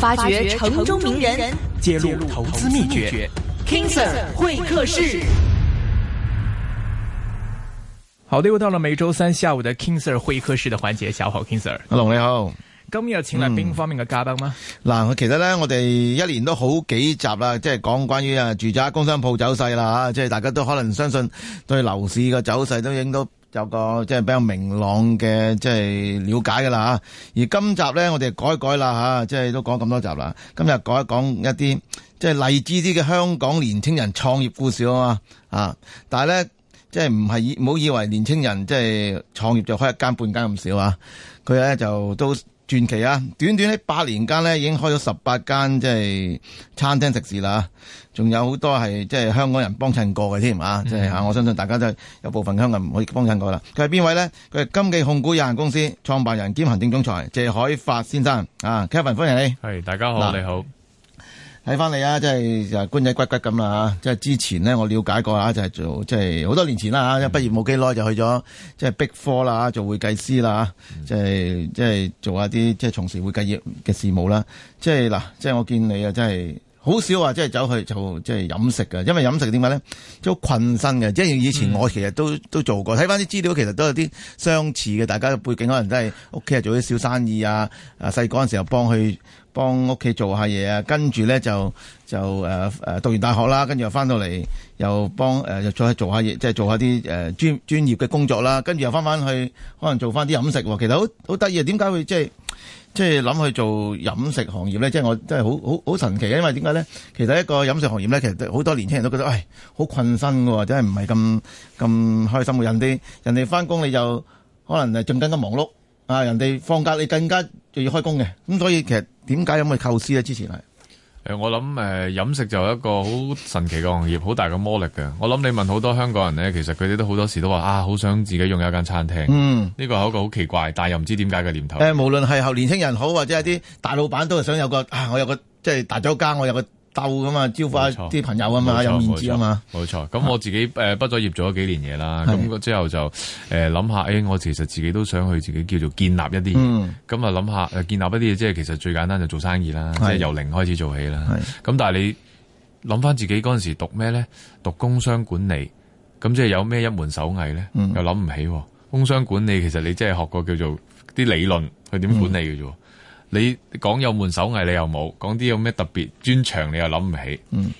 發掘城中名人，揭露投資秘訣。King Sir 會客室，好呢！又到了每周三下午的 King Sir 會客室的環節，小好 King Sir，阿龍你好。今日請來邊、嗯、方面嘅嘉賓嗎？嗱，其實咧，我哋一年都好幾集啦，即係講關於啊住宅、工商鋪走勢啦吓，即係大家都可能相信對樓市嘅走勢都影到。就個即係、就是、比較明朗嘅即係了解噶啦吓，而今集咧我哋改一改啦吓、啊，即係都講咁多集啦，今日改一講一啲即係勵志啲嘅香港年青人創業故事啊嘛，啊！但係咧即係唔係以唔好以為年青人即係創業就開一間半間咁少啊，佢咧就都。傳奇啊！短短喺八年間咧，已經開咗十八間即係餐廳食肆啦，仲有好多係即係香港人幫襯過嘅添啊！嗯、即係啊，我相信大家都有部分香港人可以幫襯過啦。佢係邊位咧？佢係金記控股有限公司創辦人兼行政總裁謝海發先生啊！Kevin 歡迎你。係，大家好，啦你好。睇翻你啊，即係就係官仔骨骨咁啦嚇！即係之前呢，我了解過啊，就係做即係好多年前啦嚇，一畢、嗯、業冇幾耐就去咗即係逼科啦，做會計師啦，即係即係做下啲即係從事會計業嘅事務啦。即係嗱，即係我見你啊，真係好少話，即係走去做即係飲食嘅，因為飲食點解呢？即好困身嘅。即係以前我其實都都做過，睇翻啲資料，其實都有啲相似嘅。大家背景可能都係屋企啊，做啲小生意啊，啊細個嗰陣時候幫佢。幫屋企做下嘢啊，跟住咧就就誒誒、呃、讀完大學啦，跟住又翻到嚟又幫誒又再去做下嘢，即係做下啲誒專專業嘅工作啦，跟住又翻翻去可能做翻啲飲食喎、哦，其實好好得意啊！點解會即係即係諗去做飲食行業咧？即係我真係好好好神奇啊！因為點解咧？其實一個飲食行業咧，其實好多年輕人都覺得唉，好、哎、困身喎，真係唔係咁咁開心嘅，人哋人哋翻工你就可能係更加忙碌。啊！人哋放假，你更加仲要開工嘅，咁所以其實點解有咁嘅構思咧？之前係誒，我諗誒、呃、飲食就係一個好神奇嘅行業，好大嘅魔力㗎。我諗你問好多香港人咧，其實佢哋都好多時都話啊，好想自己擁有一間餐廳。嗯，呢個係一個好奇怪，但係又唔知點解嘅念頭。誒、呃，無論係後年輕人好，或者係啲大老闆都係想有個啊，我有個即係大酒家，我有個。斗咁啊，招呼啲朋友啊嘛，錯有面子啊嘛。冇錯錯，咁是我自己誒，畢、呃、咗業做咗幾年嘢啦。咁是之後就誒諗、呃、下，誒、哎、我其實自己都想去自己叫做建立一啲嘢。咁啊諗下誒，建立一啲嘢，即係其實最簡單就做生意啦，是即係由零開始做起啦。咁是但係你諗翻自己嗰陣時讀咩咧？讀工商管理，咁即係有咩一門手藝咧？又諗唔起、啊。嗯、工商管理其實你即係學過叫做啲理論，去點管理嘅啫。嗯你講有門手藝，你又冇講啲有咩特別專長，你又諗唔起。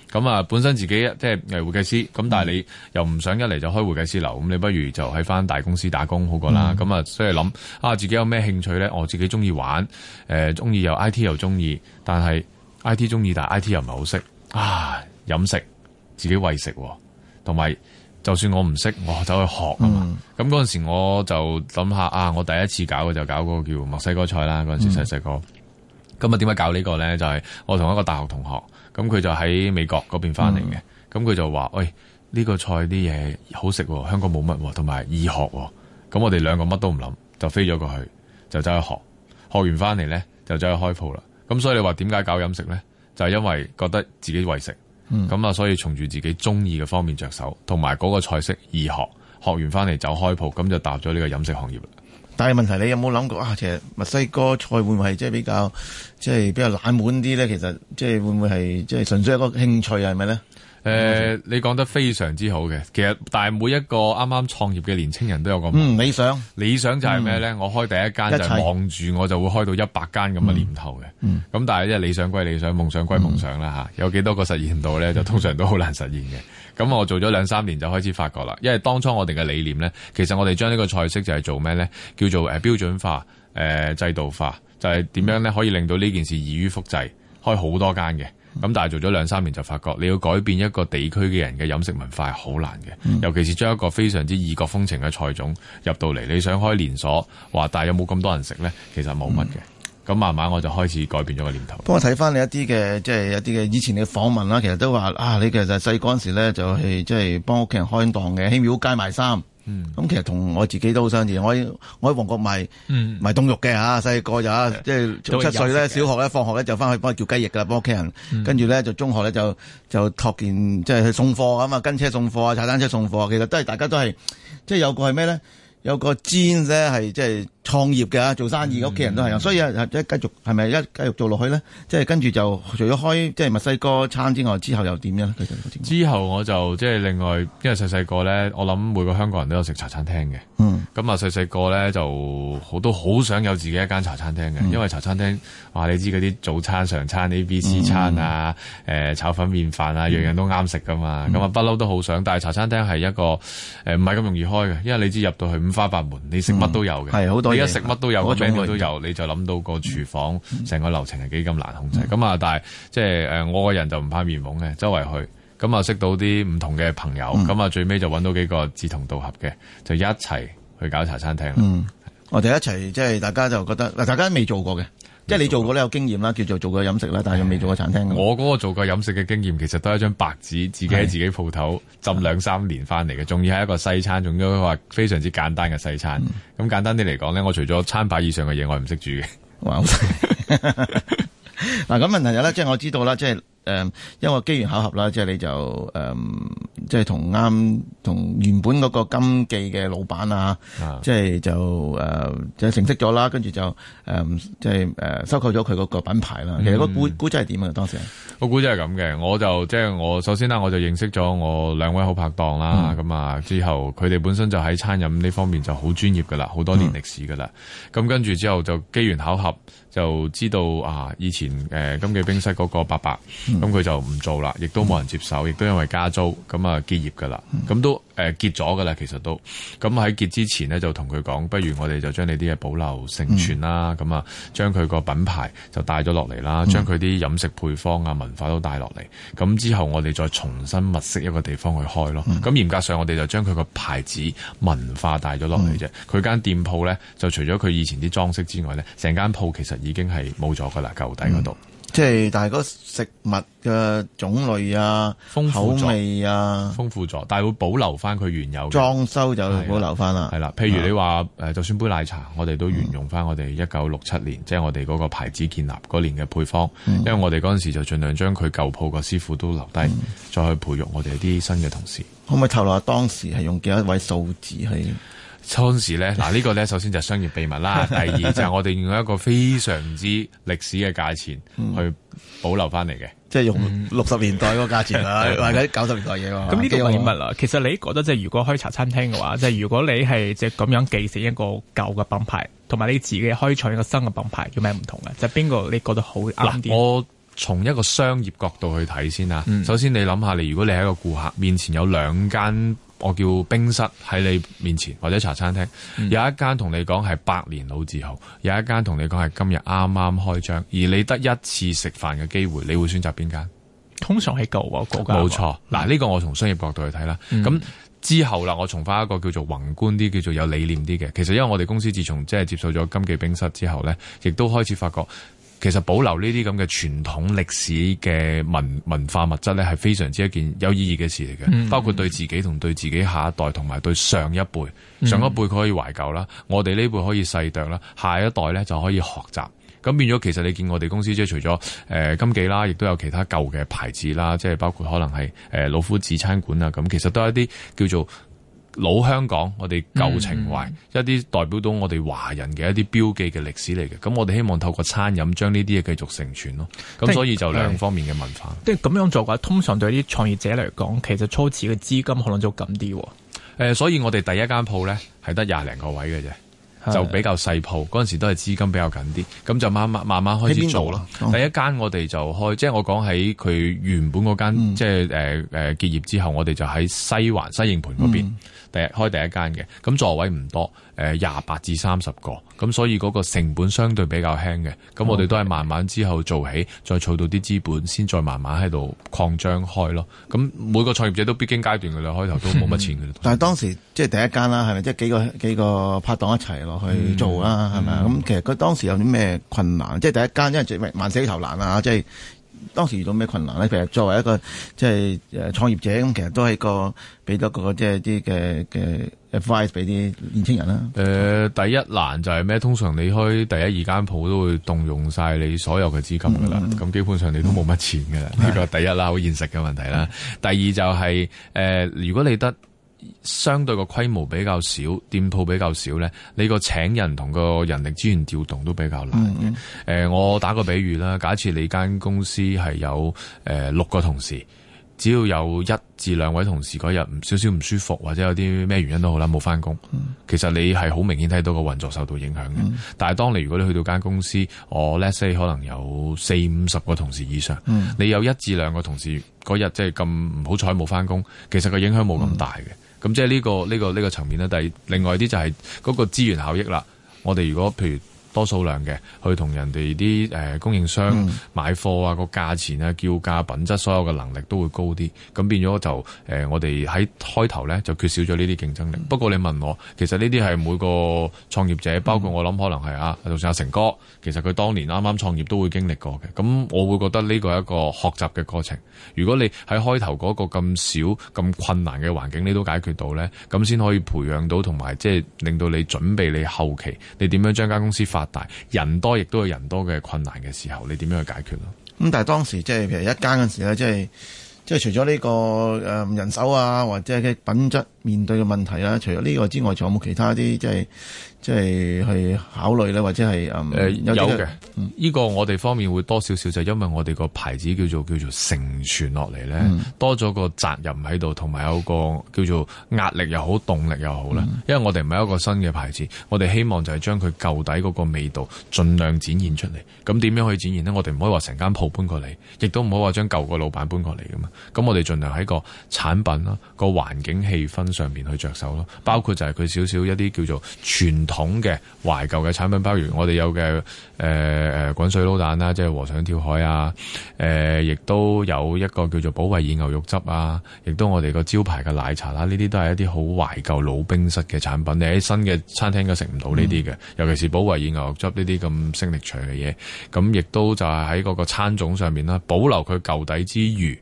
咁啊、嗯，本身自己即係誒會計師，咁但係你又唔想一嚟就開會計師樓，咁、嗯、你不如就喺返大公司打工好過啦。咁啊、嗯，所以諗啊，自己有咩興趣咧？我自己中意玩，誒中意有 I T 又中意，但係 I T 中意但係 I T 又唔係好識啊。飲食自己餵食同埋。就算我唔識，我走去學啊嘛。咁嗰陣時我就諗下啊，我第一次搞嘅就搞嗰個叫墨西哥菜啦。嗰陣時細細、嗯、個，咁啊點解搞呢個咧？就係、是、我同一個大學同學，咁佢就喺美國嗰邊翻嚟嘅。咁佢、嗯、就話：喂、哎，呢、這個菜啲嘢好食，香港冇乜，同埋易學。咁我哋兩個乜都唔諗，就飛咗過去，就走去學。學完翻嚟咧，就走去開鋪啦。咁所以你話點解搞飲食咧？就係、是、因為覺得自己為食。嗯，咁啊，所以從住自己中意嘅方面着手，同埋嗰個菜式易學，學完翻嚟就開鋪，咁就踏入咗呢個飲食行業啦。但係問題，你有冇諗過啊？其實墨西哥菜會唔會係即係比較即係、就是、比較冷門啲咧？其實即係會唔會係即係純粹係一個興趣啊？係咪咧？誒、呃，你講得非常之好嘅。其實但係每一個啱啱創業嘅年輕人都有個、嗯、理想，理想就係咩呢？嗯、我開第一間就係望住我就會開到一百間咁嘅念頭嘅，咁、嗯嗯、但係即係理想歸理想，夢想歸夢想啦吓、啊，有幾多個實現到呢？就通常都好難實現嘅。咁我做咗兩三年就開始發覺啦，因為當初我哋嘅理念呢，其實我哋將呢個菜式就係做咩呢？叫做誒、呃、標準化，誒、呃、制度化，就係、是、點樣呢？可以令到呢件事易於複製，開好多間嘅。咁、嗯、但係做咗兩三年就發覺，你要改變一個地區嘅人嘅飲食文化係好難嘅，嗯、尤其是將一個非常之異國風情嘅菜種入到嚟，你想開連鎖，話但係有冇咁多人食咧？其實冇乜嘅。咁、嗯、慢慢我就開始改變咗個念頭。不過睇翻你一啲嘅，即係一啲嘅以前嘅訪問啦，其實都話啊，你其實細嗰陣時咧就係即係幫屋企人開檔嘅，喺廟街賣衫。嗯，咁其實同我自己都好相似，我喺我喺旺角賣賣凍肉嘅嚇，細個就即係七歲咧，小學咧放學咧就翻去幫佢叫雞翼噶，幫屋企人，跟住咧就中學咧就就托件即係去送貨啊嘛，跟車送貨啊，踩單車送貨，其實都係大家都係即係有個係咩咧，有個煎咧係即係，創業嘅啊，做生意嘅屋企人都係啊，嗯、所以啊，一繼續係咪一繼續做落去咧？即、就、係、是、跟住就除咗開即係、就是、墨西哥餐之外，之後又點樣？之後我就即係、就是、另外，因為細細個咧，我諗每個香港人都有食茶餐廳嘅。咁啊、嗯，細細個咧就好都好想有自己一間茶餐廳嘅，嗯、因為茶餐廳哇，你知嗰啲早餐、常餐、A、B、C 餐啊，誒、嗯呃、炒粉、麵飯啊，樣、嗯、樣都啱食噶嘛。咁啊、嗯，不嬲都好想。但係茶餐廳係一個誒唔係咁容易開嘅，因為你知入到去五花八門，你食乜都有嘅，係好、嗯、多。你一食乜都有，整嘢都有，都有嗯、你就諗到個廚房成個流程係幾咁難控制咁啊、嗯！但係即係誒，我個人就唔怕面懵嘅，周圍去咁啊，識到啲唔同嘅朋友，咁啊、嗯，最尾就搵到幾個志同道合嘅，就一齊去搞茶餐廳。嗯，是我哋一齊即係大家就覺得，嗱，大家都未做過嘅。即係你做過呢有經驗啦，叫做做過飲食啦，但係未做過餐廳。我嗰個做過飲食嘅經驗其實都係一張白紙，自己喺自己鋪頭浸兩三年翻嚟嘅，仲要係一個西餐，仲要話非常之簡單嘅西餐。咁、嗯、簡單啲嚟講呢，我除咗餐牌以上嘅嘢，我係唔識煮嘅。嗱，咁問題有咧，即係我知道啦，即係。誒，因為機緣巧合啦，即係你就誒，即係同啱同原本嗰個金記嘅老闆啊，即係就誒就認識咗啦，跟住就誒即係誒收購咗佢嗰個品牌啦。其實個股估值係點啊？當時我估值係咁嘅，我就即係我首先啦，我就認識咗我兩位好拍檔啦。咁啊之後，佢哋本身就喺餐飲呢方面就好專業噶啦，好多年歷史噶啦。咁跟住之後就機緣巧合，就知道啊，以前誒金記冰室嗰個伯伯。咁佢、嗯、就唔做啦，亦都冇人接手，亦都因為加租，咁啊結業噶啦，咁都誒結咗噶啦，其實都。咁喺結之前呢，就同佢講，不如我哋就將你啲嘢保留承傳啦，咁啊將佢個品牌就帶咗落嚟啦，將佢啲飲食配方啊、文化都帶落嚟。咁之後我哋再重新物色一個地方去開咯。咁、嗯、嚴格上，我哋就將佢個牌子、文化帶咗落嚟啫。佢間、嗯、店鋪呢，就除咗佢以前啲裝飾之外呢，成間鋪其實已經係冇咗噶啦，舊底嗰度。即係，但係嗰食物嘅種類啊，口味啊，豐富咗。但係會保留翻佢原有嘅裝修，就保留翻啦。係啦，譬如你話誒，的就算杯奶茶，我哋都沿用翻我哋一九六七年，即係、嗯、我哋嗰個牌子建立嗰年嘅配方。嗯、因為我哋嗰陣時就盡量將佢舊鋪個師傅都留低，嗯、再去培育我哋啲新嘅同事。可唔可以透露下當時係用幾多位數字去？初時咧，嗱、這個、呢個咧，首先就商業秘密啦， 第二就係我哋用一個非常之歷史嘅價錢去保留翻嚟嘅，嗯、即係用六十年代嗰個價錢啦，嗯、或者九十年代嘢。咁呢個秘密啦，嗯、其實你覺得即係如果開茶餐廳嘅話，即係 如果你係即係咁樣繼承一個舊嘅品牌，同埋你自己開創一個新嘅品牌，有咩唔同嘅？就邊、是、個你覺得好啱啲？嗱，我從一個商業角度去睇先啦。嗯、首先你諗下，你如果你喺一個顧客面前有兩間。我叫冰室喺你面前，或者茶餐廳、嗯、有一間同你講係百年老字號，有一間同你講係今日啱啱開張，而你得一次食飯嘅機會，你會選擇邊間？通常係舊喎嗰間，冇錯。嗱呢、嗯、個我從商業角度去睇啦。咁、嗯、之後啦，我從翻一個叫做宏觀啲、叫做有理念啲嘅。其實因為我哋公司自從即係接受咗金記冰室之後呢，亦都開始發覺。其實保留呢啲咁嘅傳統歷史嘅文文化物質咧，係非常之一件有意義嘅事嚟嘅。嗯、包括對自己同對自己下一代，同埋對上一輩，嗯、上一輩佢可以懷舊啦，我哋呢輩可以細啄啦，下一代咧就可以學習。咁變咗，其實你見我哋公司即係除咗誒金記啦，亦、呃、都有其他舊嘅牌子啦，即係包括可能係誒、呃、老夫子餐館啊，咁其實都有一啲叫做。老香港，我哋舊情懷，嗯、一啲代表到我哋華人嘅一啲標記嘅歷史嚟嘅，咁我哋希望透過餐飲將呢啲嘢繼續成全咯。咁所以就兩方面嘅文化。即係咁樣做嘅話，通常對啲創業者嚟講，其實初始嘅資金可能就咁啲。誒、呃，所以我哋第一間鋪咧，係得廿零個位嘅啫。就比較細鋪，陣時都係資金比較緊啲，咁就慢慢慢慢開始做咯。Oh. 第一間我哋就開，即係我講喺佢原本嗰間，mm. 即係誒誒結業之後我哋就喺西環西營盤嗰邊第、mm. 開第一間嘅。咁座位唔多，誒廿八至三十個，咁所以嗰個成本相對比較輕嘅。咁我哋都係慢慢之後做起，再儲到啲資本，先再，再慢慢喺度擴張開咯。咁每個創業者都必經階段嘅啦，開頭都冇乜錢嘅。 但係當時即係、就是、第一間啦，係咪即係幾個幾個拍檔一齊咯？嗯、去做啦，係咪啊？咁其實佢當時有啲咩困難？即係第一間，因為萬死頭難啊，即係當時遇到咩困難咧？其實作為一個即係創業者，咁其實都係個俾到個即係啲嘅嘅 Advice 俾啲年輕人啦。誒、呃，第一難就係咩？通常你開第一二間鋪都會動用晒你所有嘅資金噶啦，咁、嗯、基本上你都冇乜錢噶啦，呢個、嗯、係第一啦，好唉呀 現實嘅問題啦。嗯、第二就係、是、誒、呃，如果你得。相對個規模比較少，店鋪比較少呢，你個請人同個人力資源調動都比較難嘅。誒、mm hmm. 呃，我打個比喻啦，假設你間公司係有誒六、呃、個同事，只要有一至兩位同事嗰日唔少少唔舒服或者有啲咩原因都好啦，冇返工，mm hmm. 其實你係好明顯睇到個運作受到影響嘅。Mm hmm. 但係當你如果你去到間公司，我 let’s say 可能有四五十個同事以上，mm hmm. 你有一至兩個同事嗰日即係咁唔好彩冇返工，其實個影響冇咁大嘅、mm。Hmm. 咁即係呢個呢個呢個層面咧，第另外啲就係嗰個資源效益啦。我哋如果譬如，多數量嘅去同人哋啲誒供應商買貨啊，個價錢啊、叫價、品質，所有嘅能力都會高啲。咁變咗就誒、呃，我哋喺開頭呢，就缺少咗呢啲競爭力。不過你問我，其實呢啲係每個創業者，包括我諗可能係啊，仲有阿成哥，其實佢當年啱啱創業都會經歷過嘅。咁我會覺得呢個係一個學習嘅過程。如果你喺開頭嗰個咁少、咁困難嘅環境，你都解決到呢，咁先可以培養到同埋即係令到你準備你後期，你點樣將間公司發展？大人多亦都有人多嘅困難嘅時候，你點樣去解決咯？咁但係當時即係譬如一間嘅時候咧，即係即係除咗呢、這個誒、呃、人手啊，或者係嘅品質面對嘅問題啦、啊，除咗呢個之外，仲有冇其他啲即係？即係去考慮咧，或者係誒、嗯呃、有嘅。呢的、嗯、個我哋方面會多少少，就係、因為我哋個牌子叫做叫做成傳落嚟咧，嗯、多咗個責任喺度，同埋有個叫做壓力又好，動力又好咧。嗯、因為我哋唔係一個新嘅牌子，我哋希望就係將佢舊底嗰個味道盡量展現出嚟。咁點、嗯、樣去展現呢？我哋唔可以話成間鋪搬過嚟，亦都唔可以話將舊個老闆搬過嚟噶嘛。咁我哋儘量喺個產品咯、個環境氣氛上邊去着手咯，包括就係佢少少一啲叫做傳統嘅懷舊嘅產品，包括我哋有嘅誒誒滾水撈蛋啦，即係和尚跳海啊。誒、呃，亦都有一個叫做保衞爾牛肉汁啊，亦都我哋個招牌嘅奶茶啦。呢啲都係一啲好懷舊老冰室嘅產品，你喺新嘅餐廳嘅食唔到呢啲嘅，嗯、尤其是保衞爾牛肉汁呢啲咁升力除嘅嘢。咁亦都就係喺嗰個餐種上面啦，保留佢舊底之餘，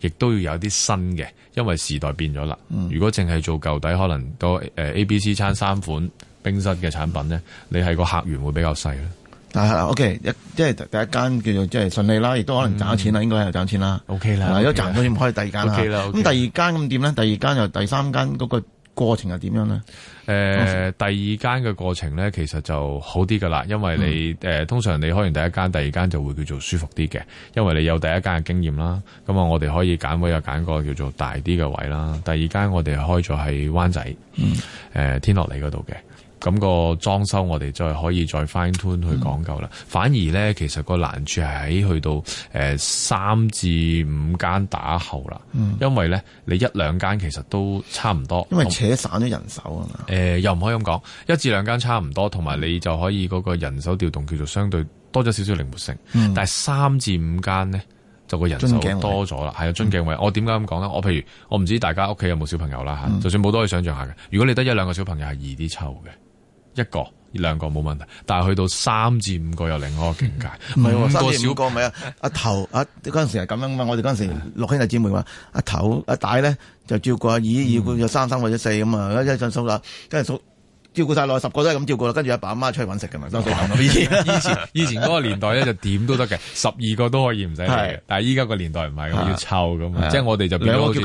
亦都要有啲新嘅，因為時代變咗啦。嗯、如果淨係做舊底，可能都誒 A、B、C 餐三款。冰室嘅產品咧，你係個客源會比較細咧。但係 O K 一即係第一間叫做即係順利啦，亦都可能賺咗錢啦，應該係賺錢啦。O K 啦，有賺到錢開第二間，OK、啦。咁第二間咁點咧？第二間又第三間嗰個過程又點樣咧？誒、欸，我第二間嘅過程咧，其實就好啲㗎啦，因為你誒、嗯、通常你開完第一間，第二間就會叫做舒服啲嘅，因為你有第一間嘅經驗啦。咁啊，我哋可以揀位又揀個叫做大啲嘅位啦。第二間我哋開咗喺灣仔誒、嗯呃、天樂里嗰度嘅。咁個裝修我哋再可以再翻 i 去講究啦。嗯、反而咧，其實個難處係喺去到誒三至五間打後啦。嗯、因為咧，你一兩間其實都差唔多，因為扯散咗人手啊嘛。誒、呃，又唔可以咁講，一至兩間差唔多，同埋你就可以嗰個人手調動叫做相對多咗少少靈活性。嗯、但係三至五間咧，就個人手多咗啦。係啊，樽敬位。位嗯、我點解咁講咧？我譬如我唔知大家屋企有冇小朋友啦嚇，嗯、就算冇都可以想象下嘅。如果你得一兩個小朋友，係易啲湊嘅。一個、兩個冇問題，但係去到三至五個又另外一個境界。唔、嗯、五，五個、五個咪啊，阿頭啊，嗰陣、啊、時係咁樣嘛。我哋嗰陣時六兄弟姊妹話，阿、啊、頭阿大咧就照顧阿二二個，又三三或者四咁啊，一陣數就跟住數。照顧晒落十個都係咁照顧啦，跟住阿爸阿媽出去搵食嘅嘛。以前以前嗰個年代咧就點都得嘅，十二個都可以唔使理。但係依家個年代唔係，要湊咁，即係我哋就變咗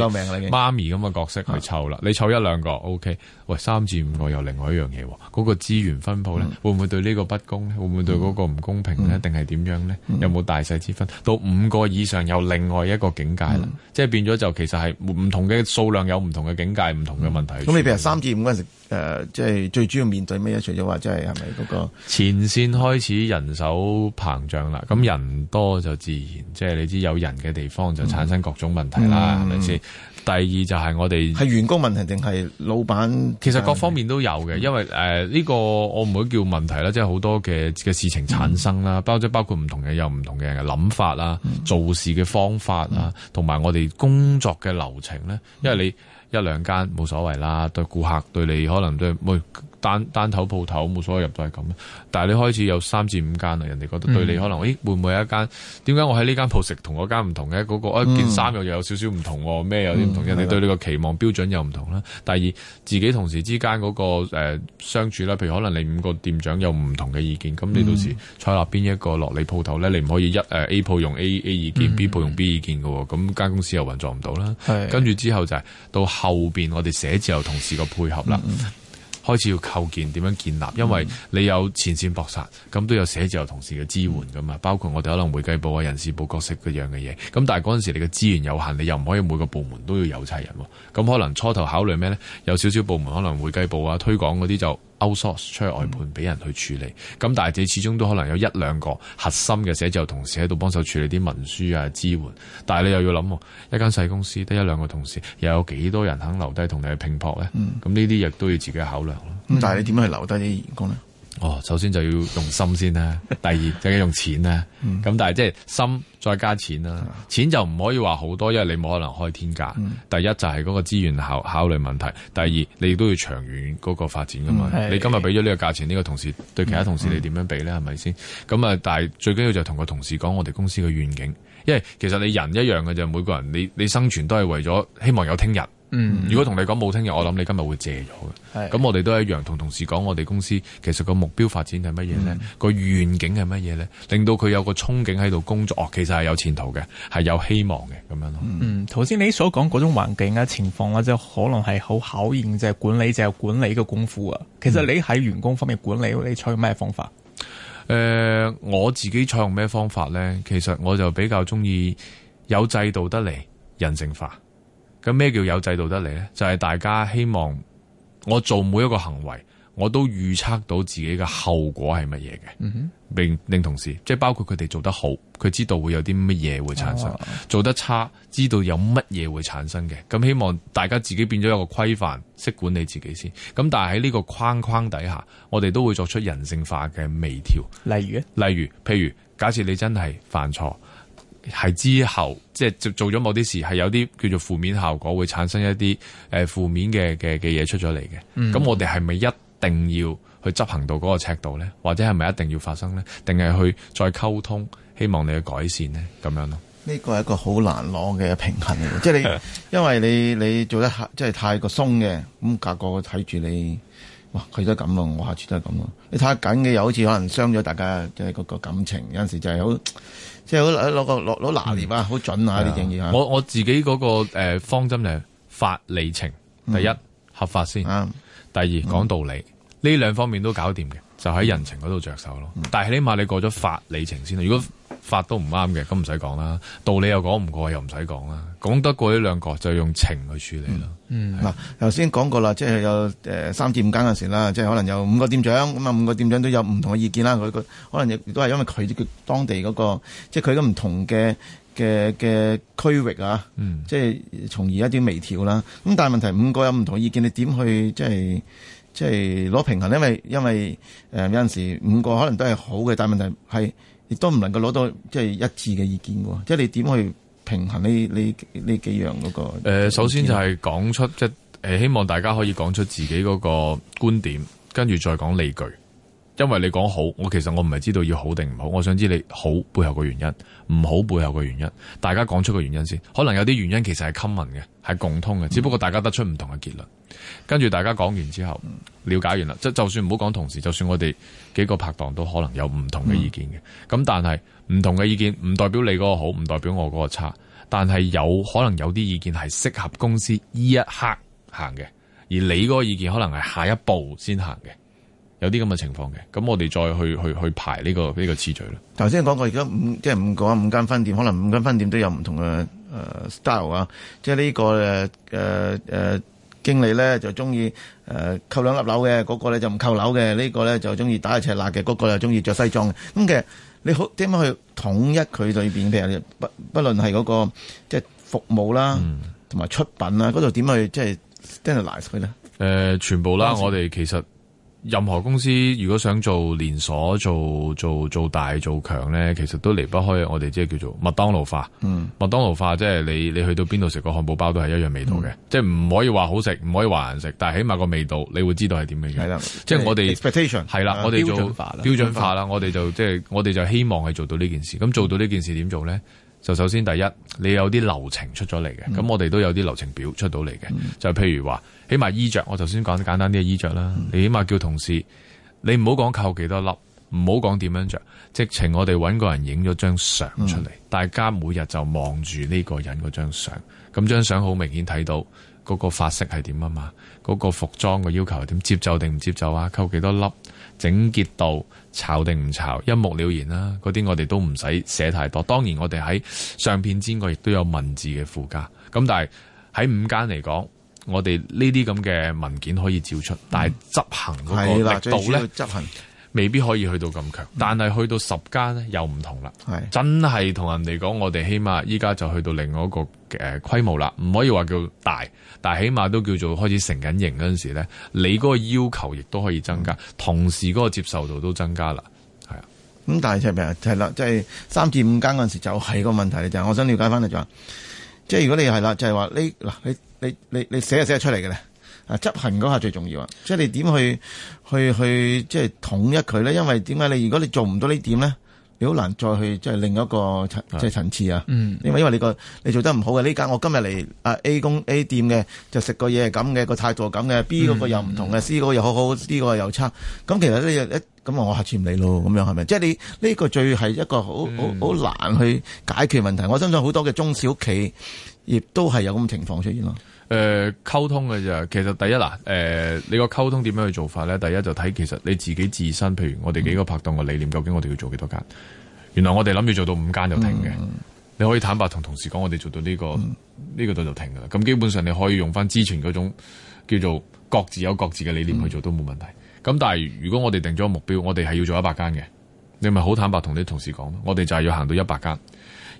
媽咪咁嘅角色去湊啦。你湊一兩個 OK，喂，三至五個又另外一樣嘢，嗰個資源分配咧會唔會對呢個不公咧？會唔會對嗰個唔公平咧？定係點樣咧？有冇大細之分？到五個以上有另外一個境界啦，即係變咗就其實係唔同嘅數量有唔同嘅境界，唔同嘅問題。咁你譬如三至五嗰陣時，誒，即係。最主要面對咩啊？除咗話即係係咪嗰個前線開始人手膨脹啦，咁、嗯、人多就自然即係你知有人嘅地方就產生各種問題啦，係咪先？第二就係我哋係員工問題定係老闆？其實各方面都有嘅，因為誒呢、呃呢個我唔會叫問題啦，即係好多嘅嘅事情產生啦，包即、嗯、包括唔同嘅有唔同嘅人嘅諗法啦、嗯、做事嘅方法啊，同埋、嗯、我哋工作嘅流程咧，因為你。一兩間冇所謂啦，對顧客對你可能對，咪單單頭鋪頭冇所謂入都係咁。但係你開始有三至五間啦，人哋覺得對你可能，咦、嗯哎、會唔會有一間？點解我喺呢間鋪食同嗰間唔同嘅？嗰、那個件衫又又有少少唔同喎，咩有啲唔同？有有同嗯、人哋對你個期望標準又唔同啦。第二自己同事之間嗰、那個、呃、相處啦，譬如可能你五個店長有唔同嘅意見，咁你到時採納邊一個落你鋪頭咧？你唔可以一誒、呃、A 鋪用 A, A A 意見，B 鋪用 B 意見嘅喎，咁、嗯、間、嗯、公司又運作唔到啦。跟住之後就係、是、到。後邊我哋寫字樓同事個配合啦，嗯、開始要構建點樣建立，因為你有前線搏殺，咁都有寫字樓同事嘅支援噶嘛，嗯、包括我哋可能會計部啊、人事部各式各樣嘅嘢，咁但係嗰陣時你嘅資源有限，你又唔可以每個部門都要有齊人，咁可能初頭考慮咩呢？有少少部門可能會計部啊、推廣嗰啲就 outsource 出去外判俾人去處理，咁但係你始終都可能有一兩個核心嘅寫字同事喺度幫手處理啲文書啊、支援，但係你又要諗，一間細公司得一兩個同事，又有幾多人肯留低同你去拼搏呢？咁呢啲亦都要自己考量咯。咁、嗯、但係你點樣去留低啲員工呢？哦，首先就要用心先啦，第二就要用錢啦，咁、嗯、但係即係心再加錢啦，嗯、錢就唔可以話好多，因為你冇可能開天價。嗯、第一就係嗰個資源考考慮問題，第二你亦都要長遠嗰個發展噶嘛。嗯、你今日俾咗呢個價錢，呢個同事對其他同事你點樣俾咧？係咪先？咁啊，但係最緊要就係同個同事講我哋公司嘅願景，因為其實你人一樣嘅就每個人你你生存都係為咗希望有聽日。嗯，如果同你講冇聽日，我諗你今日會借咗嘅。咁是我哋都一樣同同事講，我哋公司其實個目標發展係乜嘢咧？個願、嗯、景係乜嘢咧？令到佢有個憧憬喺度工作，哦，其實係有前途嘅，係有希望嘅咁樣咯。嗯，頭先你所講嗰種環境啊、情況啊，就可能係好考驗就係、是、管理就係、是、管理嘅功夫啊。其實你喺員工方面管理，你採用咩方法？誒、嗯呃，我自己採用咩方法咧？其實我就比較中意有制度得嚟人性化。咁咩叫有制度得嚟咧？就係、是、大家希望我做每一個行為，我都預測到自己嘅後果係乜嘢嘅，並、嗯、哼令同事，即係包括佢哋做得好，佢知道會有啲乜嘢會產生；哦、做得差，知道有乜嘢會產生嘅。咁希望大家自己變咗一個規範，識管理自己先。咁但係喺呢個框框底下，我哋都會作出人性化嘅微調。例如，例如，譬如假設你真係犯錯，係之後。即係做做咗某啲事係有啲叫做負面效果，會產生一啲誒、呃、負面嘅嘅嘅嘢出咗嚟嘅。咁、嗯、我哋係咪一定要去執行到嗰個尺度咧？或者係咪一定要發生咧？定係去再溝通，希望你去改善咧？咁樣咯。呢個係一個好難攞嘅平衡嚟，即係 你因為你你做得太即係太過鬆嘅，咁隔個睇住你。佢都係咁咯，我下次都係咁咯。你睇下，緊嘅又好似可能傷咗大家，即係嗰個感情有陣時就係好，即係好攞個攞攞拿捏啊，好、嗯、準啊呢啲嘢。嗯、我我自己嗰個方針就係法理情，第一合法先，嗯、第二講道理，呢、嗯、兩方面都搞掂嘅，就喺人情嗰度着手咯。嗯、但係起碼你過咗法理情先，如果法都唔啱嘅，咁唔使講啦。道理又講唔過，又唔使講啦。講得過呢兩個就用情去處理啦。嗱、嗯，頭先講過啦，即係有誒三至五間嘅時啦，即係可能有五個店長，咁啊五個店長都有唔同嘅意見啦。佢個可能亦都係因為佢當地嗰、嗰個，即係佢嘅唔同嘅嘅嘅區域啊。嗯、即係從而一啲微調啦。咁但係問題五個有唔同嘅意見，你點去即係即係攞平衡？因為因為誒有陣時五個可能都係好嘅，但係問題係。亦都唔能夠攞到即係一致嘅意見，喎，即係你點去平衡呢？呢呢幾樣嗰個？誒首先就係講出，即係誒希望大家可以講出自己嗰個觀點，跟住再講理據。因為你講好，我其實我唔係知道要好定唔好，我想知你好背後個原因，唔好背後個原因，大家講出個原因先。可能有啲原因其實係 common 嘅，係共通嘅，只不過大家得出唔同嘅結論。跟住大家講完之後，了解完啦。即就算唔好講同事，就算我哋幾個拍檔都可能有唔同嘅意見嘅。咁、嗯、但係唔同嘅意見唔代表你嗰個好，唔代表我嗰個差。但係有可能有啲意見係適合公司依一刻行嘅，而你嗰個意見可能係下一步先行嘅。有啲咁嘅情況嘅，咁我哋再去去去排呢、這個呢、這個次序啦。頭先講過，而家五即係五個五間分店，可能五間分店都有唔同嘅誒、呃、style 啊。即係呢、這個誒誒誒經理咧就中意誒扣兩粒紐嘅，嗰、那個咧就唔扣紐嘅，這個、呢個咧就中意打一尺辣嘅，嗰、那個又中意着西裝嘅。咁其實你好點樣去統一佢裏邊？譬如你不不論係嗰、那個即係服務啦，同埋、嗯、出品啊，嗰度點去即係 standardize 佢咧？誒、呃，全部啦，我哋其實。任何公司如果想做連鎖、做做做大、做強咧，其實都離不開我哋即係叫做麥當勞化。麥、嗯、當勞化即係你你去到邊度食個漢堡包都係一樣味道嘅，嗯、即係唔可以話好食，唔可以話難食，但係起碼個味道你會知道係點嘅。係的即係我哋 e 啦，我哋做標準化啦， 我哋就即係我哋就希望係做到呢件事。咁做到呢件事點做咧？就首先第一，你有啲流程出咗嚟嘅，咁、嗯、我哋都有啲流程表出到嚟嘅。嗯、就譬如話，起碼衣着，我頭先講簡單啲嘅衣着啦。嗯、你起碼叫同事，你唔好講扣幾多粒，唔好講點樣着，直情我哋揾個人影咗張相出嚟，嗯、大家每日就望住呢個人嗰張相。咁張相好明顯睇到嗰個髮色係點啊嘛，嗰、嗰個服裝嘅要求係點，接受定唔接受啊？扣幾多粒？整潔度，抄定唔抄，一目了然啦。嗰啲我哋都唔使寫太多。當然，我哋喺相片之外亦都有文字嘅附加。咁但係喺五間嚟講，我哋呢啲咁嘅文件可以照出，但係執行嗰個力度咧、嗯、執行。未必可以去到咁強，但係去到十間咧，又唔同啦。係的真係同人哋講，我哋起碼依家就去到另外一個誒規模啦，唔可以話叫大，但係起碼都叫做開始成緊型嗰陣時咧，你嗰個要求亦都可以增加，的同時嗰個接受度都增加啦。係啊，咁、嗯、但係即係係啦，即係三至五間嗰陣時就係個問題咧。就係、是、我想了解翻你就話，即係如果你係啦，就係話呢嗱，你你你你寫就寫得出嚟嘅啦。啊！執行嗰下最重要啊，即係你點去去去，去即係統一佢咧？因為點解你如果你做唔到呢點咧，你好難再去即係另一個層即係層次啊。嗯是，因為因為你個你做得唔好嘅呢間，我今日嚟啊 A 公 A 店嘅就食個嘢係咁嘅，個態度咁嘅，嗯、，B 嗰個又唔同嘅，嗯、，C 嗰個又好好，D 嗰個又差。咁、嗯、其實咧一咁我下次唔理咯，咁樣係咪？即係你呢、這個最係一個好好好難去解決問題。嗯、我相信好多嘅中小企業都係有咁情況出現咯。誒，溝、呃、通嘅，就其實第一啦，誒、呃，你個溝通點樣去做法咧？第一就睇其實你自己自身，譬如，我哋幾個拍檔嘅理念，究竟我哋要做幾多間？原來我哋諗住做到五間就停嘅，你可以坦白同同事講，我哋做到呢、呢個呢、嗯、個度就停噶啦。咁基本上你可以用翻之前嗰種叫做各自有各自嘅理念去做都冇問題。咁但係如果我哋定咗個目標，我哋係要做一百間嘅，你咪好坦白同你同事講，我哋就係要行到一百間。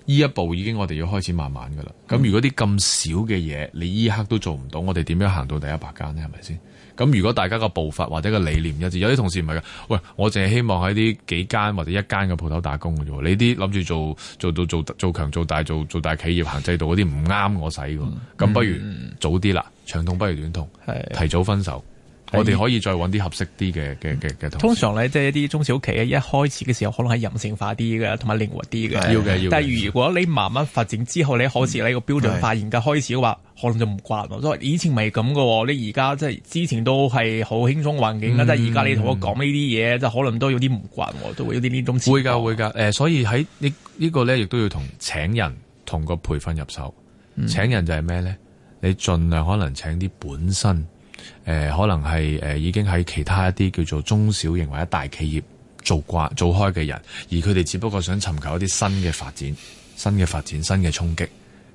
呢一步已經我哋要開始慢慢㗎啦，咁如果啲咁少嘅嘢你依刻都做唔到，我哋點樣行到第一百間呢？係咪先？咁如果大家個步伐或者個理念一致，有啲同事唔係㗎，喂，我淨係希望喺啲幾間或者一間嘅鋪頭打工㗎啫喎，你啲諗住做做到做做，做強做大做做大企業行制度嗰啲唔啱我使喎，咁、嗯、不如早啲啦，長痛不如短痛，的提早分手。我哋可以再揾啲合適啲嘅嘅嘅。通常咧，即係一啲中小企咧，一開始嘅時候可能係人性化啲嘅，同埋靈活啲嘅。要嘅要。但係如果你慢慢發展之後，嗯、你，你開始喺個標準化而家開始嘅話，的可能就唔慣咯。因以，以前咪係咁嘅喎，你而家即係之前都係好輕鬆環境啦。但係而家你同我講呢啲嘢，即係可能都有啲唔慣，都會有啲呢種情況。會㗎會㗎、呃。所以喺、呢個、呢呢個咧，亦都要同請人同個培訓入手。嗯、請人就係咩咧？你盡量可能請啲本身。誒、呃，可能係誒、呃，已經喺其他一啲叫做中小型或者大企業做慣、做開嘅人，而佢哋只不過想尋求一啲新嘅發展、新嘅發展、新嘅衝擊，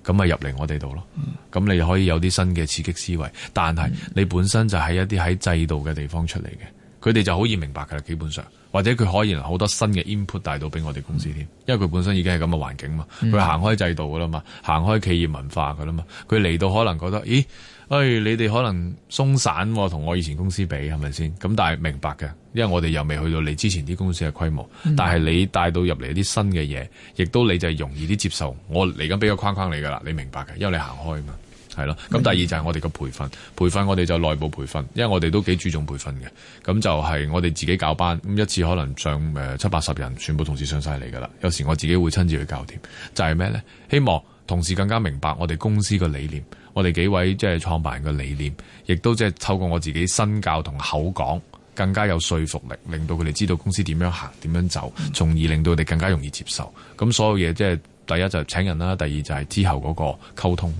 咁咪入嚟我哋度咯。咁、嗯、你可以有啲新嘅刺激思維，但係你本身就係一啲喺制度嘅地方出嚟嘅，佢哋就好易明白噶啦。基本上，或者佢可以好多新嘅 input 帶到俾我哋公司添，嗯、因為佢本身已經係咁嘅環境嘛，佢行開制度噶啦嘛，行開企業文化噶啦嘛，佢嚟到可能覺得，咦？哎、你哋可能鬆散，同我以前公司比係咪先？咁但係明白嘅，因為我哋又未去到你之前啲公司嘅規模。嗯、但係你帶到入嚟啲新嘅嘢，亦都你就係容易啲接受。我嚟緊俾個框框你㗎啦，你明白嘅，因為你行開嘛，係咯。咁、嗯、第二就係我哋嘅培訓，培訓我哋就內部培訓，因為我哋都幾注重培訓嘅。咁就係我哋自己教班，咁一次可能上誒七八十人，全部同事上晒嚟㗎啦。有時我自己會親自去教啲，就係、是、咩呢？希望同事更加明白我哋公司嘅理念。我哋幾位即係創辦人嘅理念，亦都即係透過我自己身教同口講更加有說服力，令到佢哋知道公司點樣行、點樣走，從而令到佢哋更加容易接受。咁所有嘢即係第一就請人啦，第二就係之後嗰個溝通。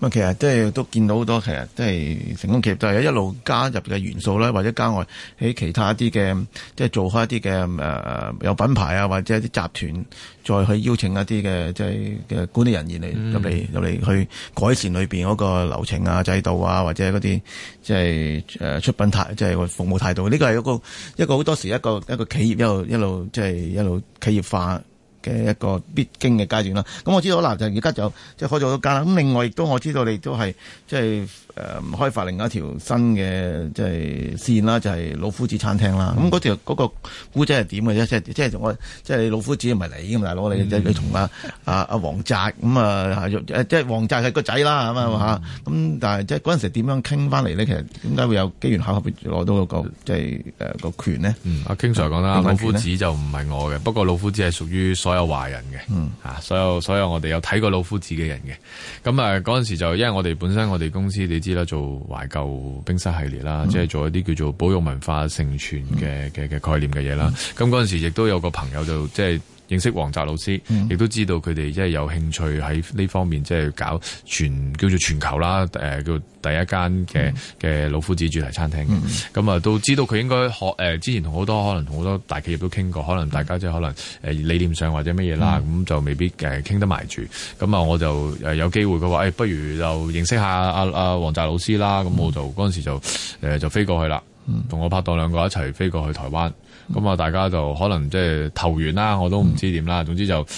咁其實都係都見到好多，其實都係成功企業都係一路加入嘅元素啦，或者加外喺其他啲嘅，即係做開一啲嘅誒，有品牌啊，或者一啲集團，再去邀請一啲嘅即係嘅管理人員嚟入嚟入嚟去改善裏邊嗰個流程啊、制度啊，或者嗰啲即係誒、呃、出品態，即係服務態度。呢個係一個一個好多時一個一個企業一路一路即係、就是、一路企業化嘅一個必經嘅階段啦，咁、嗯、我知道嗱，就而家就即係開咗好多間啦。咁另外亦都我知道你都係即係，即係誒開發另一條新嘅即係線啦，就係老夫子餐廳啦。咁嗰條嗰個故仔係點嘅啫？即係即係我即係老夫子唔係你嘅嘛，攞你即同啊啊啊王澤咁啊，即係王澤係個仔啦，係、啊、嘛？咁但係即係嗰陣時點樣傾翻嚟咧？其實點解會有機緣巧合攞到個即係誒個權咧？阿 King sir 講啦，老夫子、嗯、就唔係我嘅，嗯、不過老夫子係屬於所有華人嘅，嚇、嗯、所有所有我哋有睇過老夫子嘅人嘅。咁誒嗰陣時就因為我哋本身我哋公司知啦，做懷舊冰室系列啦，即係、嗯、做一啲叫做保育文化盛、承傳嘅嘅嘅概念嘅嘢啦。咁嗰陣時亦都有個朋友就即係，就是認識王澤老師，亦都、嗯、知道佢哋即係有興趣喺呢方面，即係搞全叫做全球啦，誒、呃、叫做第一間嘅嘅、嗯、老夫子主題餐廳咁啊，嗯嗯、都知道佢應該可誒之前同好多可能同好多大企業都傾過，可能大家即係、嗯、可能誒理念上或者乜嘢啦，咁、嗯、就未必誒傾得埋住。咁啊，我就誒有機會嘅話，誒、哎、不如就認識下阿阿王澤老師啦。咁、嗯嗯、我就嗰陣時就誒、呃、就飛過去啦，同我拍檔兩個一齊飛過去台灣。咁啊，嗯、大家就可能即、就、係、是、投緣啦，我都唔知點啦。嗯、總之就誒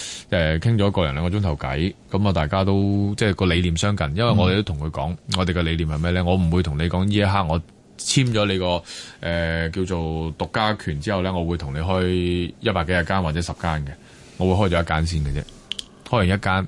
傾咗個人兩個鐘頭偈，咁啊，大家都即係個理念相近。因為我哋都同佢講，我哋嘅理念係咩咧？我唔會同你講呢一刻我簽咗你個誒、呃、叫做獨家權之後咧，我會同你開一百幾廿間或者十間嘅，我會開咗一間先嘅啫，開完一間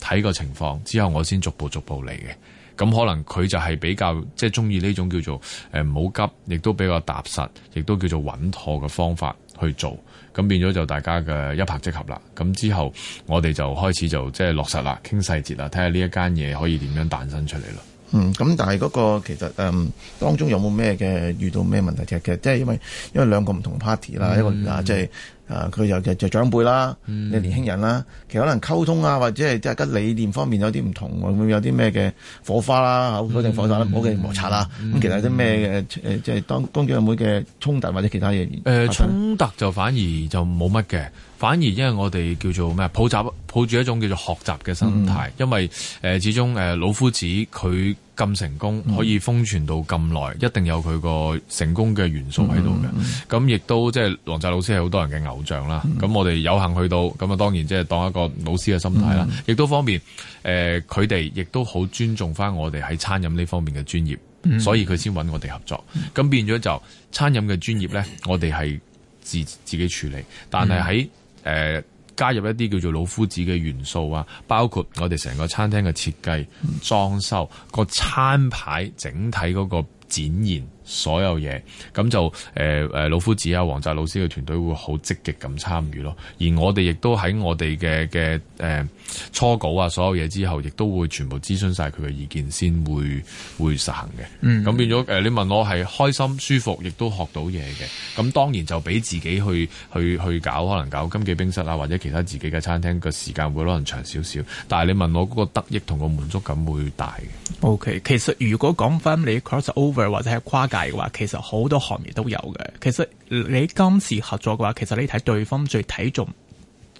睇個情況之後，我先逐步逐步嚟嘅。咁可能佢就係比較即係中意呢種叫做誒唔好急，亦都比較踏實，亦都叫做穩妥嘅方法去做。咁變咗就大家嘅一拍即合啦。咁之後我哋就開始就即係落實啦，傾細節啦，睇下呢一間嘢可以點樣誕生出嚟咯、嗯。嗯，咁但係嗰個其實誒當中有冇咩嘅遇到咩問題啫？其實即係因為因為兩個唔同 party 啦，一個啊即係。啊！佢有又又長輩啦，啲、嗯、年輕人啦，其實可能溝通啊，或者係即係跟理念方面有啲唔同，會唔會有啲咩嘅火花啦、啊，好多隻火晒啦唔好嘅摩擦啦，咁其實有啲咩嘅誒即係當公眾人物嘅衝突或者、啊嗯、其他嘢，誒衝、呃、突就反而就冇乜嘅。反而因為我哋叫做咩啊，抱攬抱住一種叫做學習嘅心態，mm hmm. 因為誒、呃、始終誒、呃、老夫子佢咁成功，可以封存到咁耐，mm hmm. 一定有佢個成功嘅元素喺度嘅。咁亦都即係王澤老師係好多人嘅偶像啦。咁我哋有幸去到，咁啊當然即係當一個老師嘅心態、mm hmm. 啦。亦都方便誒佢哋亦都好尊重翻我哋喺餐飲呢方面嘅專業，mm hmm. 所以佢先揾我哋合作。咁變咗就餐飲嘅專業咧，mm hmm. 我哋係自自己處理，但係喺誒加入一啲叫做老夫子嘅元素啊，包括我哋成個餐廳嘅設計、嗯、裝修、個餐牌、整體嗰個展現所有嘢，咁就誒誒、呃、老夫子啊、王澤老師嘅團隊會好積極咁參與咯，而我哋亦都喺我哋嘅嘅誒。初稿啊，所有嘢之後，亦都會全部諮詢晒佢嘅意見，先會會實行嘅。嗯。咁變咗，誒，你問我係開心、舒服，亦都學到嘢嘅。咁當然就俾自己去去去搞，可能搞金記冰室啊，或者其他自己嘅餐廳嘅時間會可能長少少。但係你問我嗰個得益同個滿足感會大嘅。Okay，其實如果講翻你 cross over 或者係跨界嘅話，其實好多行業都有嘅。其實你今次合作嘅話，其實你睇對方最睇重。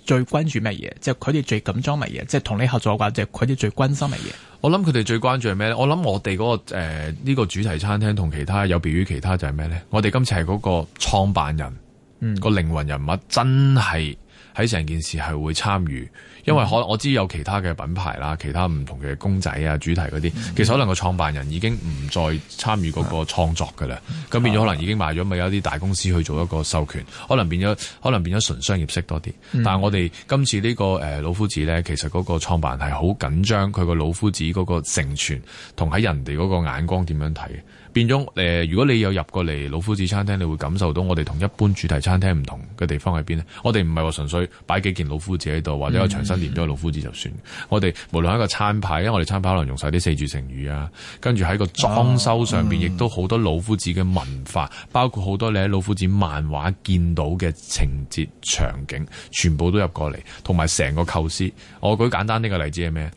最關注乜嘢？即係佢哋最緊張乜嘢？即係同你合作嘅話，即係佢哋最關心乜嘢？我諗佢哋最關注係咩咧？我諗我哋嗰個、呃、呢個主題餐廳同其他有別於其他就係咩咧？我哋今次係嗰個創辦人，個、嗯、靈魂人物真係，喺成件事係會參與，因為可能我知有其他嘅品牌啦，其他唔同嘅公仔啊、主題嗰啲，其實可能個創辦人已經唔再參與嗰個創作嘅啦。咁變咗可能已經賣咗，咪有啲大公司去做一個授權，可能變咗，可能變咗純商業式多啲。但係我哋今次呢個誒老夫子咧，其實嗰個創辦人係好緊張佢個老夫子嗰個，個成傳同喺人哋嗰個眼光點樣睇。變咗誒、呃，如果你有入過嚟老夫子餐廳，你會感受到我哋同一般主題餐廳唔同嘅地方喺邊咧。我哋唔係話純粹擺幾件老夫子喺度，或者有牆身黏咗個老夫子就算。嗯、我哋無論一個餐牌，因為我哋餐牌可能用晒啲四字成語啊，跟住喺個裝修上邊亦都好多老夫子嘅文化，包括好多你喺老夫子漫畫見到嘅情節場景，全部都入過嚟，同埋成個構思。我舉簡單呢個例子係咩？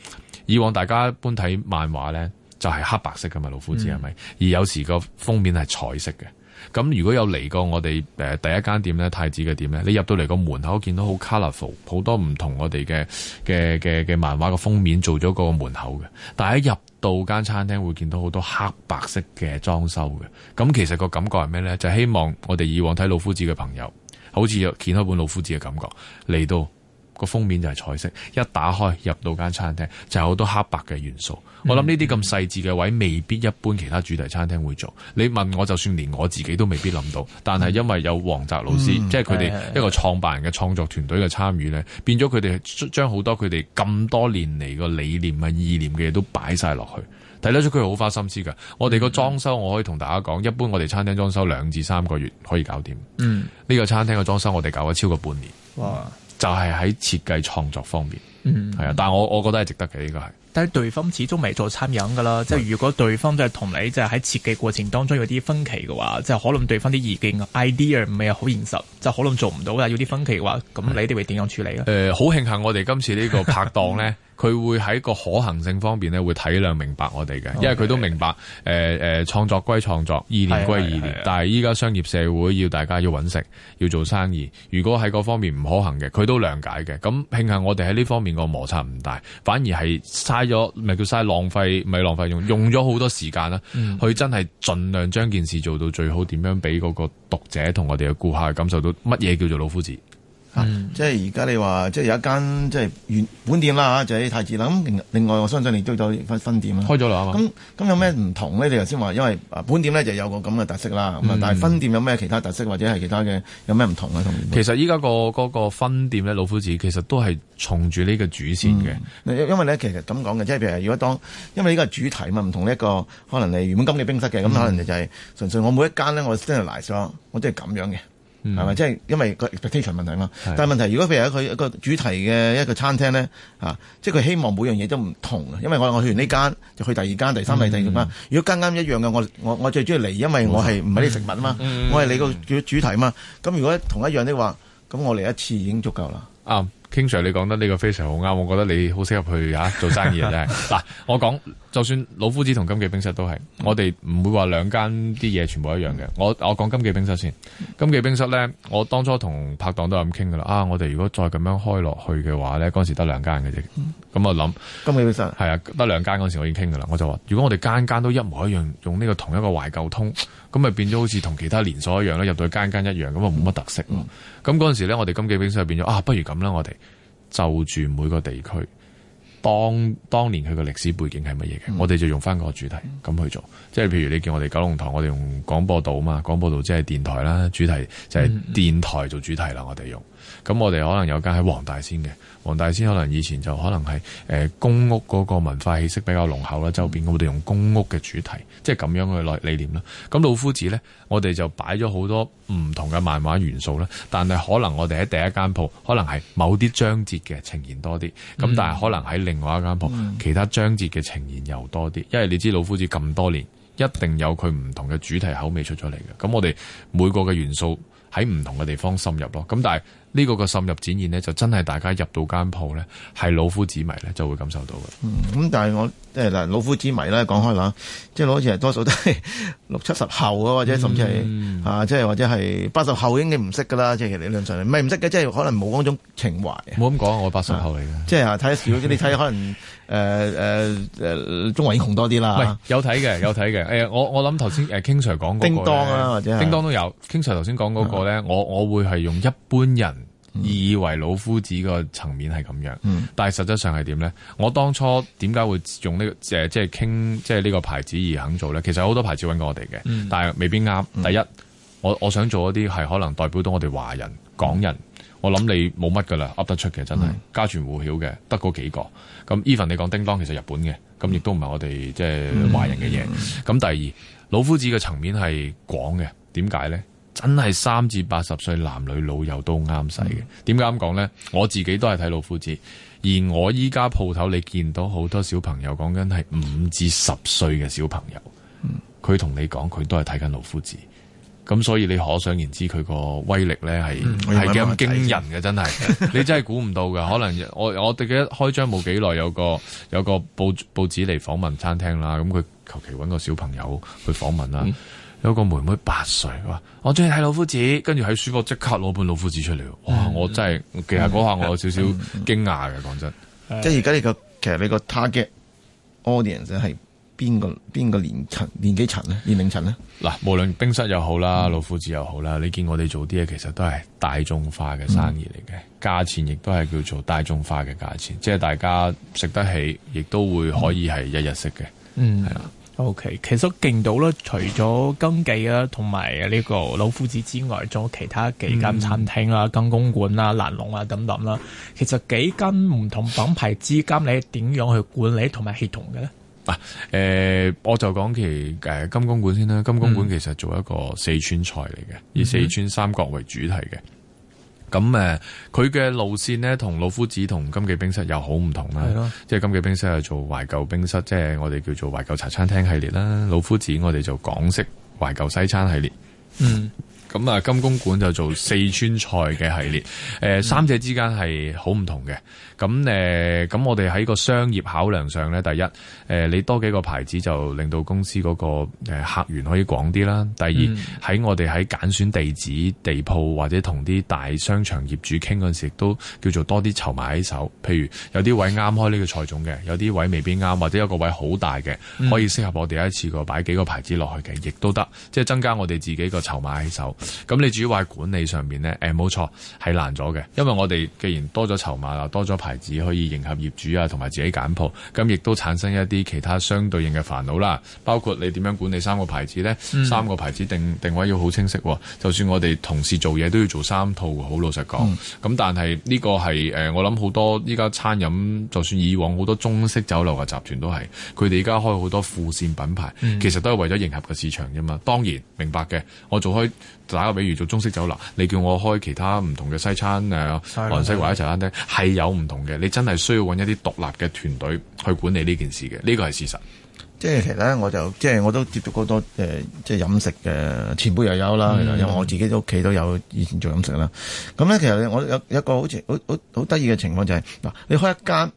以往大家一般睇漫畫咧。就係黑白色嘅嘛，老夫子係咪、嗯？而有時個封面係彩色嘅。咁如果有嚟過我哋誒第一間店咧，太子嘅店咧，你入到嚟個門口見到好 colourful，好多唔同我哋嘅嘅嘅嘅漫畫個封面做咗個門口嘅。但係一入到間餐廳會見到好多黑白色嘅裝修嘅。咁其實個感覺係咩咧？就係、希望我哋以往睇老夫子嘅朋友，好似有見開一本老夫子嘅感覺嚟到。個封面就係彩色，一打開入到間餐廳就有好多黑白嘅元素。Mm hmm. 我諗呢啲咁細緻嘅位，未必一般其他主題餐廳會做。你問我就算連我自己都未必諗到，但係因為有王澤老師，mm hmm. 即係佢哋一個創辦人嘅創作團隊嘅參與咧，mm hmm. 變咗佢哋將好多佢哋咁多年嚟嘅理念，嘅意念嘅嘢都擺晒落去。睇得出佢好花心思噶。Mm hmm. 我哋個裝修，我可以同大家講，一般我哋餐廳裝修兩至三個月可以搞掂。嗯、mm，呢、hmm. 個餐廳嘅裝修我哋搞咗超過半年。哇、mm！Hmm. 就係喺設計創作方面，嗯，係啊，但係我我覺得係值得嘅呢、這個係。但係對方始終未做餐飲噶啦，是的 即係如果對方即係同你即係喺設計過程當中有啲分歧嘅話，即係可能對方啲意見 idea 唔係好現實，就可能做唔到啦。有啲分歧嘅話，咁是的 你哋會點樣處理咧？誒、呃，好慶幸我哋今次呢個拍檔咧。 佢會喺個可行性方面咧，會體諒明白我哋嘅，Okay. 因為佢都明白，誒、呃、誒、呃、創作歸創作，意念歸意念，yes, yes, yes. 但係依家商業社會要大家要搵食，要做生意。如果喺嗰方面唔可行嘅，佢都諒解嘅。咁慶幸我哋喺呢方面個摩擦唔大，反而係嘥咗，咪叫嘥浪費，咪浪，浪費用用咗好多時間啦，佢、mm. 真係盡量將件事做到最好，點樣俾嗰個讀者同我哋嘅顧客感受到乜嘢叫做老夫子？即係而家你話，即係有一間即係原本店啦，吓、啊、就喺、是、太子啦。咁、啊、另外，我相信你都有分分店啦，開咗啦，咁咁有咩唔同呢？你頭先話，因為本店咧就有個咁嘅特色啦。咁、嗯、但係分店有咩其他特色或者係其他嘅有咩唔同咧？同其實依家、那個、那個分店咧，老夫子其實都係從住呢個主線嘅、嗯。因為咧，其實咁講嘅，即係譬如如果當因為呢個主題嘛，唔同呢、這、一個可能你原本金利冰室嘅咁，可能、嗯、可能就係純粹我每一間咧，我都係嚟咗，我都係咁樣嘅。係咪、嗯、即係因為個 expectation 問題嘛。是但係問題，如果譬如佢一個主題嘅一個餐廳咧，啊，即係佢希望每樣嘢都唔同啊。因為我我去完呢間就去第二間、第三、第四間。嗯嗯、如果間間一樣嘅，我我我最中意嚟，因為我係唔係啲食物啊嘛，嗯、我係你個主主題嘛。咁、嗯嗯、如果同一樣的話，咁我嚟一次已經足夠啦。啊 King Sir 你講得呢個非常好啱，我覺得你好適合去吓做生意 啊！真係嗱，我講。就算老夫子同金記冰室都係，嗯、我哋唔會話兩間啲嘢全部一樣嘅，嗯。我我講金記冰室先，金記冰室咧，我當初同拍檔都有咁傾噶啦。啊，我哋如果再咁樣開落去嘅話咧，嗰陣時得兩間嘅啫。咁、嗯、我諗金記冰室係啊，得兩間嗰陣時我已經傾噶啦。我就話，如果我哋間間都一模一樣，用呢個同一個懷舊通，咁咪變咗好似同其他連鎖一樣咧，入到去間間一樣，咁啊冇乜特色咯。咁嗰陣時咧，我哋金記冰室就變咗啊，不如咁啦，我哋就住每個地區。當當年佢個歷史背景係乜嘢嘅，我哋就用翻個主題咁去做，即係譬如你叫我哋九龍塘，我哋用廣播道啊嘛，廣播道即係電台啦，主題就係電台做主題啦，我哋用。咁我哋可能有間喺黃大仙嘅，黃大仙可能以前就可能係誒、呃、公屋嗰個文化氣息比較濃厚啦，周邊我哋用公屋嘅主題，即係咁樣嘅理理念啦。咁老夫子呢，我哋就擺咗好多唔同嘅漫畫元素啦，但係可能我哋喺第一間鋪，可能係某啲章節嘅呈現多啲，咁、嗯、但係可能喺另外一間鋪，嗯、其他章節嘅呈現又多啲，因為你知老夫子咁多年，一定有佢唔同嘅主題口味出咗嚟嘅，咁我哋每個嘅元素喺唔同嘅地方深入咯，咁但係。呢個嘅滲入展現呢，就真係大家入到間鋪咧，係老夫子迷咧就會感受到嘅。咁、嗯、但係我即係嗱，老夫子迷咧講開話，即係好似係多數都係六七十後啊，或者甚至係、嗯、啊，即、就、係、是、或者係八十後已經唔識㗎啦。即係其實理論上，唔係唔識嘅，即、就、係、是、可能冇嗰種情懷。冇咁講，我八十後嚟嘅。即係睇少啲，你睇可能誒誒誒，中華英雄多啲啦。有睇嘅，有睇嘅。誒、 呃，我我諗頭先誒 King Sir 講過、那個、叮當啦、啊，或者叮當都有。King Sir 頭先講嗰個咧， 我我會係用一般人。以為老夫子個層面係咁樣，嗯、但係實質上係點咧？我當初點解會用呢、這個誒，即係傾即係呢個牌子而肯做咧？其實好多牌子揾過我哋嘅，嗯、但係未必啱。嗯、第一，我我想做一啲係可能代表到我哋華人、嗯、港人。我諗你冇乜㗎喇，噏得出嘅，真係家傳戶曉嘅，得嗰幾個。咁 even 你講叮當，其實日本嘅，咁亦都唔係我哋即係華人嘅嘢。咁、嗯嗯、第二，老夫子嘅層面係廣嘅，點解咧？真係三至八十歲男女老幼都啱使嘅。點解咁講呢？我自己都係睇老夫子，而我依家鋪頭你見到好多小朋友，講緊係五至十歲嘅小朋友，佢同、嗯、你講佢都係睇緊老夫子。咁所以你可想而知，佢個威力呢係係咁驚人嘅，真係你真係估唔到嘅。 可能我我哋記得開張冇幾耐，有個有個報報紙嚟訪問餐廳啦。咁佢求其揾個小朋友去訪問啦。嗯有個妹妹八歲，話我中意睇《老夫子》，跟住喺書房即刻攞本《老夫子》出嚟。哇！我真係， 其實嗰下我有少少驚訝嘅，講真。即係而家你個，其實你個 target audience 咧係邊個？邊個年層？年幾層咧？年齡層咧？嗱，無論冰室又好啦，嗯，《老夫子》又好啦，你見我哋做啲嘢，其實都係大眾化嘅生意嚟嘅，價、嗯、錢亦都係叫做大眾化嘅價錢，即、就、係、是、大家食得起，亦都會可以係日日食嘅。嗯，係啊。O、okay. K，其實勁到啦，除咗金記啦，同埋呢個老夫子之外，仲有其他幾間餐廳啦、啊，嗯、金公館啦、啊、蘭龍啊等等啦、啊。其實幾間唔同品牌之間，你點樣去管理同埋系統嘅咧？啊，誒、呃，我就講其誒、呃、金公館先啦。金公館其實做一個四川菜嚟嘅，嗯、以四川三角為主題嘅。咁誒，佢嘅路線呢，同老夫子同金記冰室又好唔同啦。係咯。即係金記冰室係做懷舊冰室，即係我哋叫做懷舊茶餐廳系列啦。係咯。老夫子我哋做港式懷舊西餐系列。嗯。咁啊金公館就做四川菜嘅系列，誒，三者之間係好唔同嘅。咁誒，咁我哋喺個商業考量上咧，第一誒，你多幾個牌子就令到公司嗰個誒客源可以廣啲啦。第二喺我哋喺揀選地址地鋪或者同啲大商場業主傾陣時，都叫做多啲籌碼喺手。譬如有啲位啱開呢個菜種嘅，有啲位未必啱，或者有個位好大嘅，可以適合我哋一次過擺幾個牌子落去嘅，亦都得，即係增加我哋自己個籌碼喺手。咁你主要話管理上面呢，誒冇錯係難咗嘅，因為我哋既然多咗籌碼啦，多咗牌子可以迎合業主啊，同埋自己揀鋪咁亦都產生一啲其他相對應嘅煩惱啦。包括你點樣管理三個牌子呢？嗯、三個牌子定定位，要好清晰、啊，就算我哋同事做嘢都要做三套，好老實講。咁、嗯、但係呢個係誒，我諗好多依家餐飲，就算以往好多中式酒樓嘅集團都係，佢哋而家開好多副線品牌，其實都係為咗迎合個市場啫嘛。當然明白嘅，我做開。打個比喻做中式酒樓，你叫我開其他唔同嘅西餐，誒，韓的、啊、西或者西餐廳係有唔同嘅。你真係需要揾一啲獨立嘅團隊去管理呢件事嘅，呢個係事實。即係其實咧，我就即係我都接觸過好多誒、呃，即係飲食嘅前輩又有啦，因為、嗯、的我自己都屋企都有以前做飲食啦。咁咧其實我有一個好似好好好得意嘅情況就係、是、嗱，你開一間，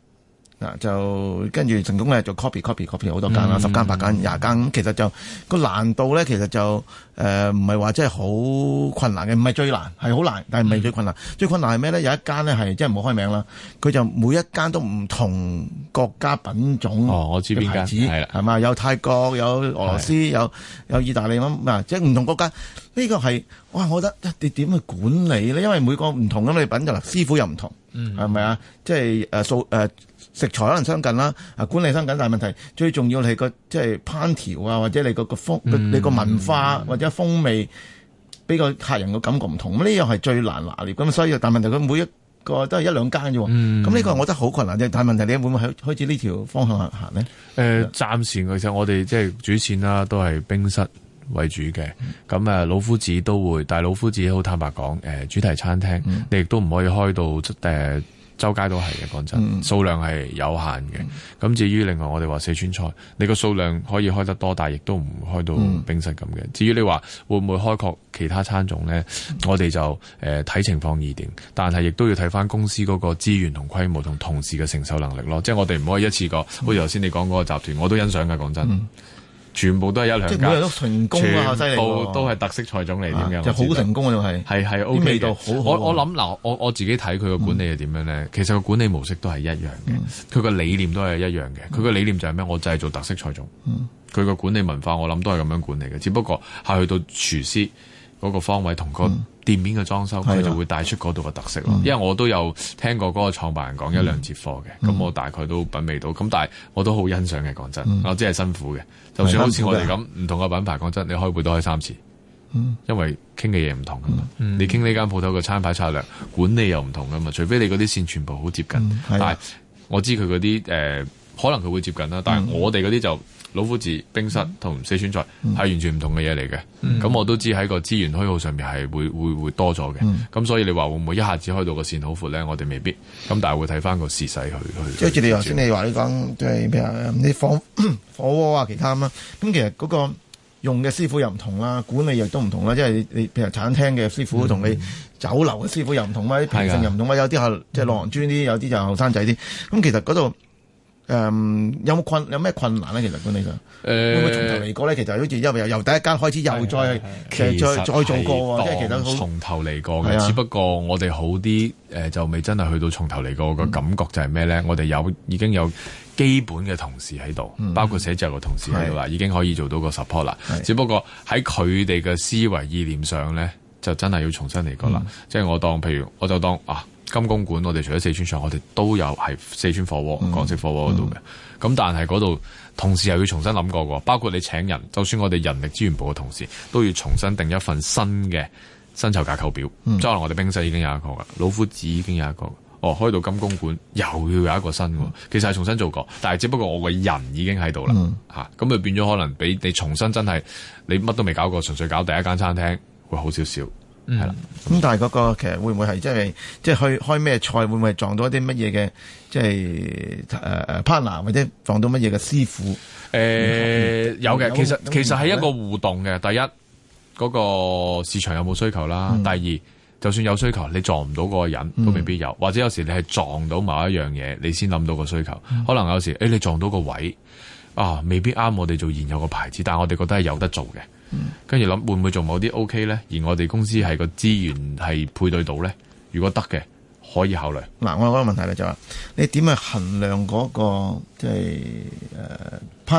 嗱，就跟住成功咧，就做 copy copy copy 好多間啦，嗯、十間、八間、廿間咁，其實就、個難度咧，其實就誒唔係話真係好困難嘅，唔係最難，係好難，但係唔係最困難。嗯、最困難係咩咧？有一間咧係真係唔好開名啦，佢就每一間都唔同國家品種，品種哦，我知牌子，係啦，係嘛？有泰國，有俄羅斯，的有有意大利咁啊，即係唔同國家。呢個係哇，我覺得一啲點去管理呢？因為每個唔同咁你品質啦，師傅又唔同，係咪、嗯、啊？即係誒素誒食材可能相近啦，啊管理相近，但係問題最重要係個即係烹調啊，或者你個個風、你個文化、嗯、或者風味，俾個客人嘅感覺唔同。呢樣係最難拿捏，咁所以但問題佢每一個都係一兩間啫喎。咁呢、嗯嗯、個我覺得好困難嘅。但係問題你會唔會喺開始呢條方向行呢？誒、呃，暫時其實我哋即係主線啦，都係冰室，室，為主嘅，咁誒、嗯、老夫子都會，但老夫子好坦白講，誒、呃、主題餐廳、嗯、你亦都唔可以開到誒、呃、周街都係嘅，講真數量係有限嘅。咁、嗯、至於另外我哋話四川菜，你個數量可以開得多，但係亦都唔開到冰室咁嘅。嗯、至於你話會唔會開拓其他餐種咧，我哋就誒睇、呃、情況而定，但係亦都要睇返公司嗰個資源同規模同同事嘅承受能力咯。即係、嗯、我哋唔可以一次過，好似頭先你講嗰個集團，我都欣賞嘅，講真。嗯全部都係有兩間，啊、全部都係特色菜種嚟，點樣好成功啊、就係！又係，係係 O 味道好、啊，好。我我諗嗱，我我自己睇佢個管理係點樣咧？嗯、其實個管理模式都係一樣嘅，佢個、嗯、理念都係一樣嘅。佢個、嗯、理念就係咩？我就係做特色菜種，佢個、嗯、管理文化我諗都係咁樣管理嘅。只不過係去到廚師。嗰個方位同個店面嘅裝修，佢、嗯、就會帶出嗰度嘅特色咯。嗯、因為我都有聽過嗰個創辦人講一兩節課嘅，咁、嗯、我大概都品味到。咁但係我都好欣賞嘅，講真，嗯、我知係辛苦嘅。就算好似我哋咁唔同嘅品牌，講真，你開會都開三次，嗯、因為傾嘅嘢唔同噶嘛。嗯、你傾呢間鋪頭嘅餐牌策略，管理又唔同噶嘛？除非你嗰啲線全部好接近，但係我知佢嗰啲誒，可能佢會接近啦。但係我哋嗰啲就。老夫子、冰室同四川菜，係完全唔同嘅嘢嚟嘅，咁我都知喺個資源虛耗上面係會會會多咗嘅，咁所以你話會唔會一下子開到個線好闊咧？我哋未必，咁但係會睇翻個時勢去去。即係你頭先你話你講即係咩啊？啲火火鍋啊，其他咁啊，咁其實嗰個用嘅師傅又唔同啦，管理亦都唔同啦，即係你譬如餐廳嘅師傅同你酒樓嘅師傅又唔同啦，啲培訓又唔同啦，有啲係即係老行尊啲，有啲就後生仔啲，咁其實嗰度。誒、嗯、有冇困有咩困難咧？其實管理上會唔會從頭嚟過咧？其實好似因為由第一間開始，又再再做過，即係其實從頭嚟過嘅，只不過我哋好啲誒、呃、就未真係去到從頭嚟過嘅感覺就係咩咧？嗯、我哋有已經有基本嘅同事喺度，嗯、包括寫字樓嘅同事喺度啦，嗯、已經可以做到個 support 啦。是 只不過喺佢哋嘅思維意念上咧，就真係要重新嚟過啦。嗯嗯、即係我當譬如我就當啊。金公館，我哋除咗四川上，我哋都有係四川火鍋、港式、嗯、火鍋嗰度嘅。咁、嗯、但係嗰度同時又要重新諗過，包括你請人，就算我哋人力資源部嘅同事都要重新定一份新嘅薪酬架構表。即係話我哋冰室已經有一個噶，老虎子已經有一個，哦開到金公館又要有一個新嘅，其實係重新做過，但係只不過我嘅人已經喺度啦，吓咁、嗯啊、就變咗可能俾你重新真係你乜都未搞過，純粹搞第一間餐廳會好少少。係啦。咁、嗯嗯、但係嗰個其實會唔會係即係即係去開咩菜，會唔會撞到一啲乜嘢嘅即係誒 partner 或者撞到乜嘢嘅師傅？誒有嘅，其實其實係一個互動嘅。第一，嗰、那個市場有冇需求啦。嗯、第二，就算有需求，你撞唔到嗰個人都未必有。嗯、或者有時你係撞到某一樣嘢，你先諗到個需求。嗯、可能有時誒、哎，你撞到個位啊，未必啱我哋做現有嘅牌子，但係我哋覺得係有得做嘅。跟住諗會唔會做某啲 O.K. 咧？而我哋公司係個資源係配對到咧？如果得嘅，可以考慮。嗱，我有個問題咧，就是那個，就係你點去衡量嗰個即係誒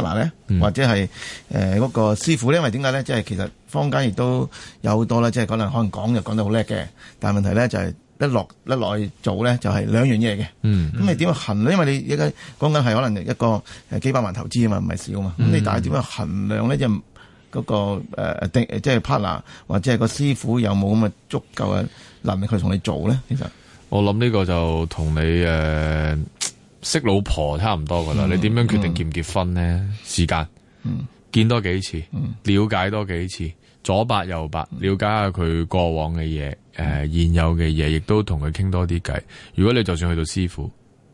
partner 咧，嗯、或者係誒嗰個師傅咧？因為點解咧？即係其實坊間亦都有好多咧，即係可能可能講就講得好叻嘅，但係問題咧就係、是、一落一落去做咧，就係兩樣嘢嘅。嗯，咁你點去衡量？因為你而家講緊係可能一個誒幾百萬投資啊嘛，唔係少嘛。咁你大係點樣衡量咧？就、嗯嗰個誒誒即係 partner 或者係個師傅有冇咁嘅足夠嘅能力去同你做咧？其實我諗呢個就同你誒識老婆差唔多㗎喇。你點樣決定結唔結婚咧？時間見多幾次，了解多幾次，左白右白，了解下佢過往嘅嘢，誒現有嘅嘢，亦都同佢傾多啲偈。如果你就算去到師傅，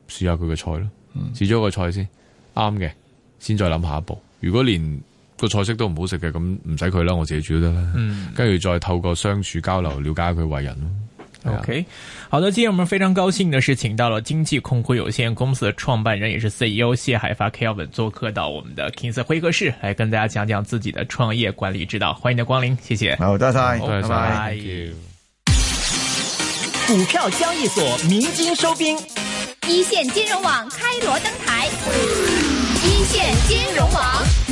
試下佢嘅菜咯，試咗個菜先啱嘅，先再諗下一步。如果連個菜式都唔好食嘅，咁唔使佢啦，我自己煮得啦。嗯，跟住再透過相處交流，了解佢為人咯。OK，好啦，今日我們非常高興的是，請到了金石控股有限公司的創辦人，也是 CEO 謝海發 Kelvin 做客到我們的 King Sir 會客室，來跟大家講講自己的創業管理之道。歡迎你光臨，謝謝。好謝，再見謝，再見 you. 股票交易所鳴金收兵，一線金融網開鑼登台，一線金融網。